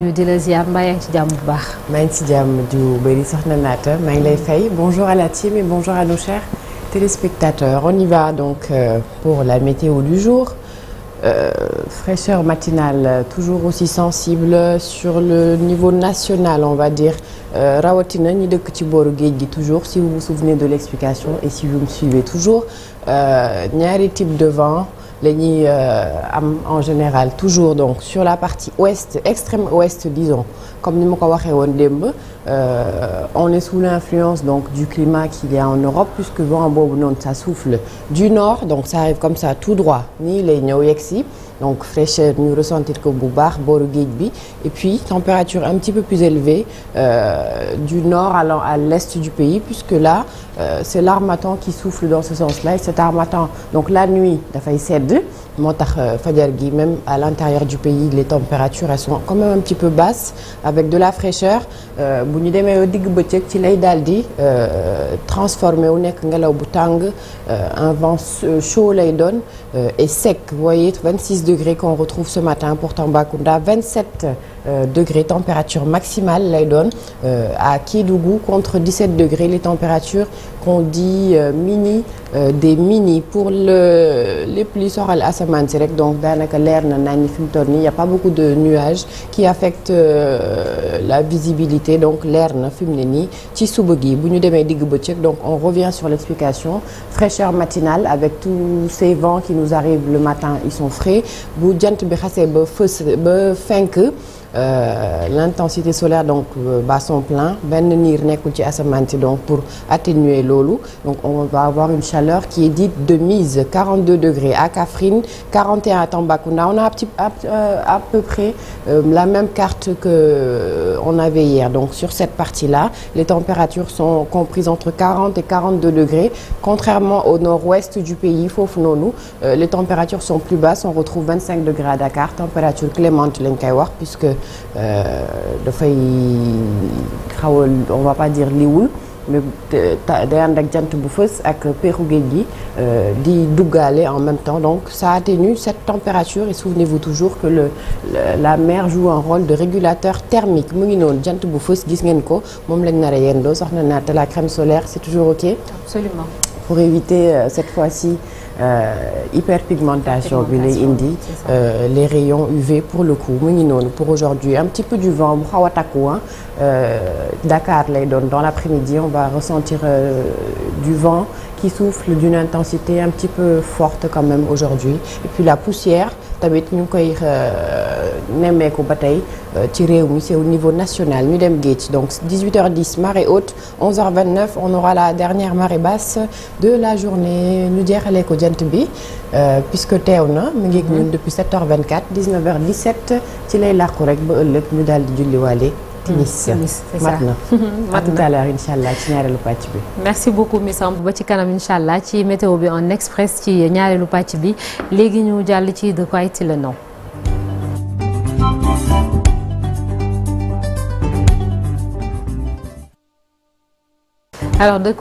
ñu di la ziar ci jàmm bu baax. maa ngi ci jàmm ju bëri soxna Naata maa ngi lay mm. fay bonjour à la team et bonjour à nos chers téléspectateurs on y va donc euh, pour la météo du jour euh, fraîcheur matinale toujours aussi sensible sur le niveau national on va dire euh, rawatina ñi dëkk ci booru géej gi toujours si vous vous souvenez de l'explication et si vous me suivez toujours euh, ñaari euh, de vent. la ñuy euh, am en général toujours donc sur la partie ouest extrême ouest disons comme ni ma ko waxee woon démb euh, on est sous l'influence donc du climat qu'il y a en Europe puisque vent boobu noonu ça souffle du nord donc ça comme ça tout droit nii lay ñëw yegg si donc fraîcheur ñu ko bu baax booru géej bi et puis température un petit peu plus élevée euh, du nord allant à l'est du pays puisque là euh, c'est l'harmattan qui souffle dans ce sens-là et cet harmattan donc la nuit dafay sedd sedd moo tax euh, fajar gi même à l'intérieur du pays les températures elles sont quand même un petit peu basses avec de la fraîcheur euh, bu ñu demee digg bëccëg ci lay daal di euh, transformé wu nekk ngelaw bu tàng un vent chaud lay doon et sec vous voyez 26 degrés qu'on retrouve ce matin pour Tambacounda 27 Euh, degrés température maximale lay doon euh, à Kédougou contre 17 degrés les températures qu'on dit euh, mini des mini pour le lépp li soxal asamaan si rek donc daanaka leer na naan ni fi mu toll nii y a pas beaucoup de nuages qui affectent la visibilité donc leer na fi mu ne nii ci suba gi bu ñu demee digg bëccëg donc on revient sur l'explication fraîcheur matinale avec tous ces vents qui nous arrivent le matin ils sont frais bu jant bi xasee ba fës ba fenk Euh, l'intensité solaire donc euh, plein benn niir nekkul ci asamaan si donc pour atténuer loolu donc on va avoir une chaleur qui est dite de mise 42 degrés à Kaffrine 41 à Tambacounda on a euh, à peu près euh, la même carte que euh, on avait hier. Donc sur cette partie-là, les températures sont comprises entre 40 et 42 degrés. Contrairement au nord-ouest du pays, foofu noonu euh, les températures sont plus basses. On retrouve 25 degrés à Dakar, température clémente lañ koy wax puisque euh, dafay xaw a on mais day ànd ak jant bu fës ak peexu géej gi euh, di duggaale en même temps donc ça atténue cette température et souvenez-vous toujours que le la mer joue un rôle de régulateur thermique mu ngi noonu jant bu fës gis ngeen ko moom lañ nar a yendoo soxna naata la crème solaire c'est toujours ok. absolument pour éviter euh, cette fois-ci. Euh, hyperpigmentation bi lay indi euh, les rayons UV pour le coup mu ngi noonu pour aujourd'hui un petit peu du vent bu xaw a takku euh, Dakar lay doon dans l'après-midi on va ressentir du vent qui souffle d'une intensité un petit peu forte quand même aujourd'hui et puis la poussière tamit ñu koy euh, nemmeeku ba tey euh, ci réew mi c'est au niveau national ñu dem géej donc 18h10 marée haute 11h29 on aura la dernière marée basse de la journée ñu jeexalee ko jant bi euh, puisque teew na mu ngi ak ñun mhm. depuis 7h24 19h17 ci lay làqu rek ba ëllëg ñu daal di julliwaale. timis timis c'est ça mat na bi merci beaucoup Miss Samb ba ci kanam incha allah ci météo bi en express ci ñaareelu pàcc bi léegi ñu jàll ci de quoi la il